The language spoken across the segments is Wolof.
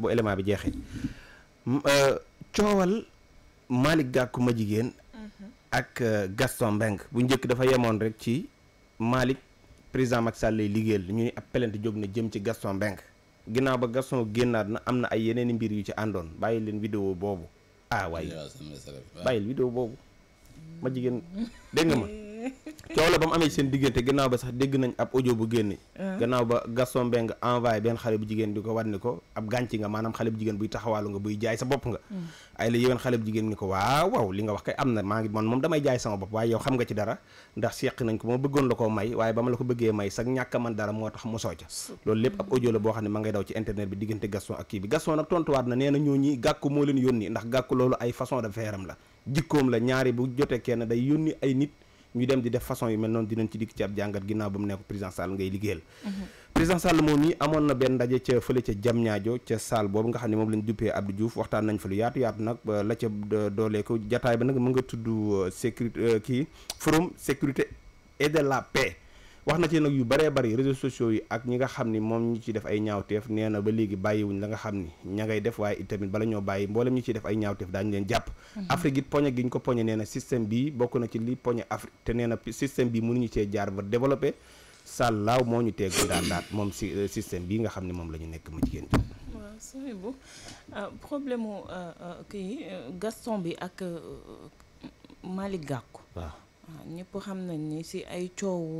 bu élément bi jeexee euh, coowal Malick Gakou ma jigéen mm-hmm. ak euh, Gaston Mbengue bu njëkk dafa yemoon rek ci malik président Macky Sall lay liggéeyal ñu ni ab plainte jóg na jëm ci Gaston Mbengue ginnaaw ba Gaston génnaat na am na ay yeneen mbir yu ci àndoon bàyyi leen vidéo boobu ah waaye bàyyil vidéo boobu ma jigéen dégg ma coow la ba mu amee seen diggante gannaaw ba sax dégg nañ ab audio bu génne ah. gannaaw ba Gaston Mbengue envoyé benn xale bu jigéen di ko wan ni ko ab gànci nga maanaam xale bopp nga hmm. ay la yéwén xale bu jigéen ni ko waaw waaw am maa ngi man moom damay jaay sama bopp waaye yow xam nga ci dara ndax seq nañ ko ma bëggoon la koo may waaye ba ma la ko bëggee may sax ñàkk man dara moo tax mosoo ca loolu lépp ab audio la boo xam ne ma ngay daw ci internet bi diggante Gaston ak kii bi Gaston nag tontuwaat na nee na ñoo ñi gàkku moo leen yónni ndax gàkku loolu ay façon de feeram ñu dem di def façon yu mel noonu dinañ ci dikk ci ab jàngat ginnaaw ba mu nekk président ngay liggéeyal mhm. président Sall moom yi amoon na benn ndaje ca fële ca Diamniadio ca salle boobu nga xam ne moom lañ duppee Abdou Diouf waxtaan nañ fa lu yaatu yaatu nag la ca doolee jataay ba nag mu nga tudd euh, sécurité euh, kii forum sécurité et de la paix wax na ci nag yu bëree bëri réseaux sociaux yi ak ñi nga xam ni moom ñi ciy def ay ñaawteef nee na ba léegi bàyyiwuñ la nga xam ni ña ngay def waaye itamit bala ñoo bàyyi mboolem ñi ciy def ay ñaawteef daañu leen jàpp mhm. Afrique it poñe gi ñu ko poñe nee na système bi bokk na ci li poñe Afrique te nee na système bi ñu cee jaar ba développé sàllaaw moo ñu teeg daan daat moom si euh, système bi nga xam ne moom la ñu nekk mu jigéen bi waaw sooy bu euh, problème euh, kii Gaston bi ak Malick Gakou waaw ñëpp xam nañ ni si ay coowu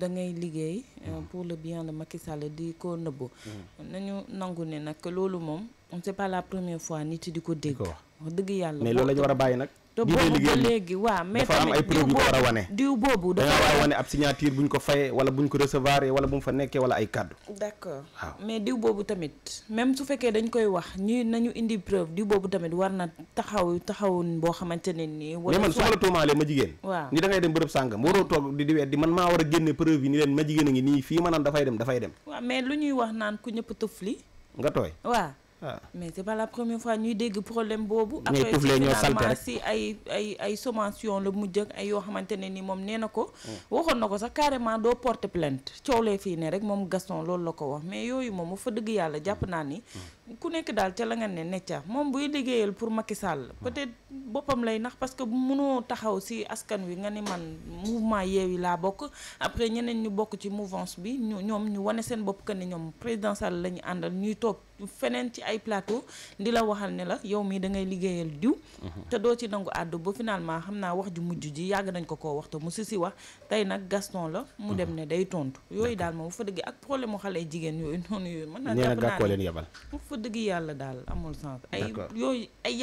da ngay liggéey euh, mm-hmm. pour le bien de Macky Sall di ko nëbbu mm-hmm. nañu nangu ne nag loolu moom c'est pas la première fois nit yi di ko dégg wax dëgg yàlla mais loolu lañu war a bàyyi nag te boobu ba léegi waaw mais dafa am ay preuve yu ko war a wane diw boobu dafa war a wane ab signature bu ko fayee wala bu ñu ko recevoir wala bu mu fa nekkee wala ay kàddu d'accord mais diw boobu tamit même su fekkee dañ koy wax ñi nañu indi preuve diw boobu tamit war na taxaw taxawun boo xamante ne nii mais man su ma la tuumaalee ma jigéen waaw ni da dem bërëb sàngam waroo toog di di weddi man maa war a génne preuve yi ni leen ma jigéen a ngi nii fii ma naan dafay dem dafay dem waaw mais lu ñuy wax naan ku ñëpp tëf li nga tooy waaw Ah. mais c'est pas première fois ñuy dégg problème boobu. après finalement si ay ay ay sommation la mujj ak ay yoo xamante ne ni moom nee na ko. Hmm. waxoon na ko sax carrément doo porter plainte coow lee fii ne rek moom Gaston loolu la ko wax mais yooyu moom fa dëgg yàlla jàpp naa ni. Hmm. ku nekk daal ca la nga ne necca moom buy liggéeyal pour Macky Sall hmm. peut boppam lay nax parce que mënoo taxaw si askan wi nga ni man mouvement Yewwi laa bokk après ñeneen ñu bokk ci mouvance bi ñu ñoom ñu wane seen bopp que ne ñoom président Sall la ñu àndal ñuy toog feneen ci ay plateau di la waxal ne la yow mii da ngay liggéeyal diw. Mhm. te doo ci nangu àddu ba finalement xam naa wax ju mujj ji yàgg nañ ko koo wax te mu si si wax tey nag Gaston la. mu dem mhm. ne day tontu. yooyu daal moom bu fa dëgg ak problème mu xale jigéen yooyu noonu yooyu. mën naa jàpp naa ne bu yàlla daal amul sens. ay yooyu ay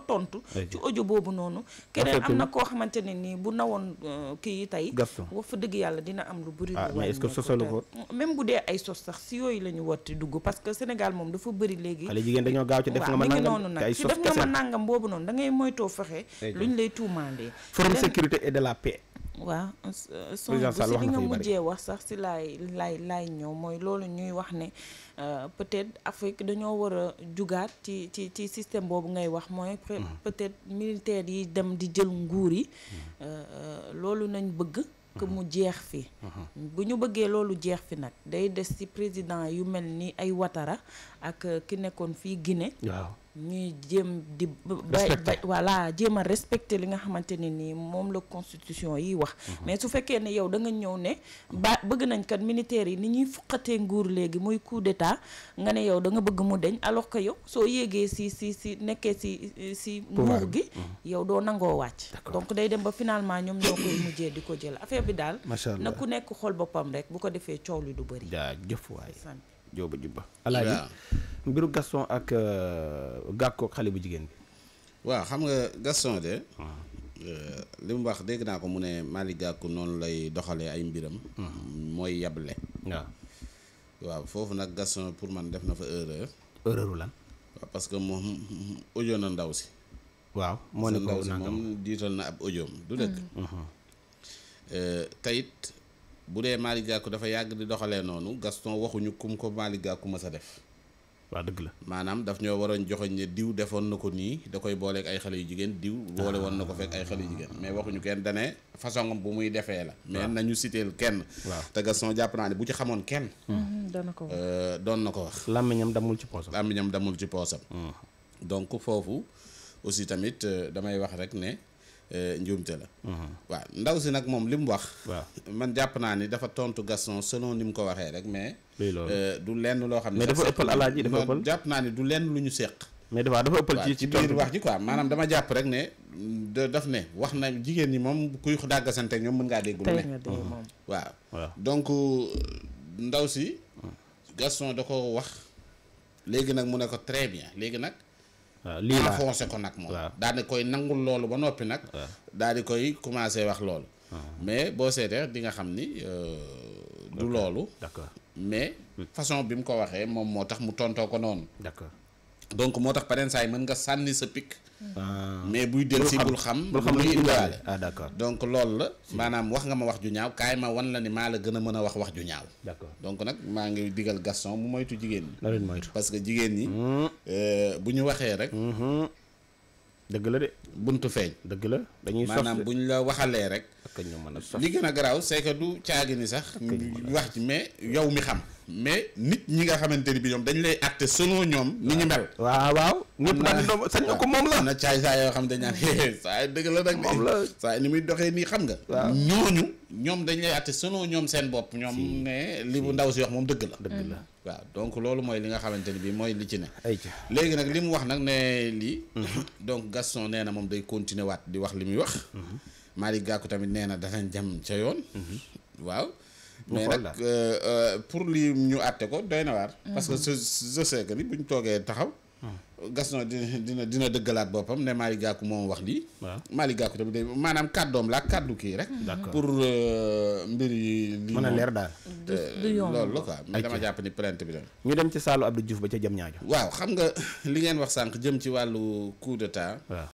ko tontu. ci audio boobu noonu. keneen am na koo xamante ne nii bu nawoon euh, kii tey. wax fa dëgg yàlla dina am lu bëri. ah mais est-ce que ko même bu dee ay sos sax si yooyu la ñu dugg parce que Sénégal moom dafa bëri léegi. xale jigéen dañoo gaaw ci def nga ma nangam te ay sos kese waaw mi boobu noonu da moytoo fexe. luñ lay tuumaalee. forum sécurité et de la paix waa son bu si li nga mujjee wax sax si laay laay laay ñëw mooy loolu ñuy wax ne euh, peut-être Afrique dañoo war a jugaat ci ci ci système boobu ngay wax mooy mm. peut-être militaires yi dem di jël nguur yi mm. euh, euh, loolu nañ bëgg que mu mm-hmm. jeex fi mm-hmm. bu ñu bëggee loolu jeex fi nag day des ci président yu mel ni ay watara ak ki nekkoon fii gine ñuy jéem di. respecté voilà jéem a respecté li nga xamante ne nii moom la constitution yi wax. Mhm. mais su fekkee ne yow da nga ñëw ne. ba bëgg nañ kat militaires yi ni ñuy fuqatee nguur léegi muy coup d'état nga ne yow da nga bëgg mu deñ alors que yow soo yéegee si si si nekkee si si. nguur gi mhm. yow doo nangoo wàcc. donc day dem ba finalement ñoom ñoo koy mujjee di ko jël affaire bi daal. na ku nekk xool boppam rek bu ko defee coow li du bëri. jëf waay jooba jubba alaaji mbiru Gaston ak euh, gàkkook xale bu jigéen bi waaw xam nga Gaston de ah. euh, li wax dégg naa ko mu ne Malick Gakou noonu lay doxalee ay mbiram ah. mooy yable waaw waaw foofu nag Gaston pour man def na fa erreur erreur lan waaw parce que moom audio na ndaw si waaw moo ne ndaw si moom diital na ab audioom du dëkk mm-hmm. euh, tayit bu dee Malick Gakou dafa yàgg di doxalee noonu Gaston waxuñu kum ko Malick Gakou mës a def. waaw dëgg la maanaam daf ñoo waroon joxoñ ne diw defoon na ko nii da koy booleeg ay xale yu jigéen diw boole woon na ko fekk ay xale yu jigéen mais waxuñu kenn dane façon bu muy defee la mais nañu citeel kenn waaw te Gaston jàpp naa bu ci xamoon kenn mm-hmm, doon na ko wax euh, doon na ko wax làmmiñam damul ci poosam làmmiñam damul ci poosam mm-hmm. donc foofu aussi tamit euh, damay wax rek ne Euh, njuumte la. Mhm. waaw ndaw si nag moom li mu wax. man jàpp naa ni dafa tontu Gaston selon ni mu ko waxee rek mais. Euh, du lenn loo xam ne. dafa ëppal alaaji dafa ëppal jàpp naa ni du lenn lu ñu seq. mais dafa dafa ëppal ci ci biir wax ji quoi maanaam dama jàpp rek ne daf ne wax na jigéen ñi moom kuy dàggasante ñoom mën ngaa dégg lu ne mhm. waaw donc euh, ndaw si mhm. Gaston da ko wax léegi nag mu ne ko très bien léegi nag waaw lii la enfoncé ko nag moom daal di koy nangul loolu ba noppi nag daal di koy commencé wax loolu uh-huh. mais boo seetee di nga xam ni euh, du loolu d'accord mais façon bi mu ko waxee moom moo tax mu tontoo ko noonu d'accord donc moo tax pareen saa yi mën nga sànni sa pikk ah. mais buy del si bul xam bul xam lu indaale ah, donc loolu la maanaam wax nga ma wax ju ñaaw kaay wan la ni maa la gën a mën a wax wax ju ñaaw d'accord donc nag maa ngi digal Gaston mu moytu jigéen ñi moytu parce que jigéen ñi hmm. euh, bu ñu waxee rek hmm. dëgg la de buntu feeñ dëgg la dañuy sof maanaam bu ñu la waxalee rek li gën a garaaw c'est du caagi ni sax wax ci mais yow mi xam mais nit ñi nga xamante ni bii ñoom dañ lay acté selon ñoom ni ñu mel waaw waaw ñëpp daal di sañ ko moom la na caay saa yoo xam ne dañ naan dëgg la nag moom la muy doxee nii xam nga ñooñu ñoom dañ lay acté selon ñoom seen bopp ñoom ne li bu ndaw si wax moom dëgg la dëgg la waaw donc loolu mooy li nga xamante ni bii mooy li ci ne léegi nag li mu wax nag ne lii mhm. donc Gaston nee na moom day continuer waat di wax li muy wax mhm. Malick Gakou tamit nee na danañ jëm ca yoon mhm. waaw mais nag euh, euh, pour lii ñu àtte ko doy na waar. Mm-hmm. parce que je sais que ni buñ toogee taxaw. Mm-hmm. Gaston dina dina dina dëggalaat boppam ne Malick Gakou moom wax lii. waaw Malick Gakou tamit maanaam kàddoom la kàddu kii rek. Mm-hmm. pour euh, mbir yi. li mën a leer daal. du loolu la quoi mais dama jàpp ni plainte bi la. ñu dem ci saalu Abdou Diouf ba ca jëm ñaajo waaw xam nga li ngeen wax sànq jëm ci wàllu coup de waaw.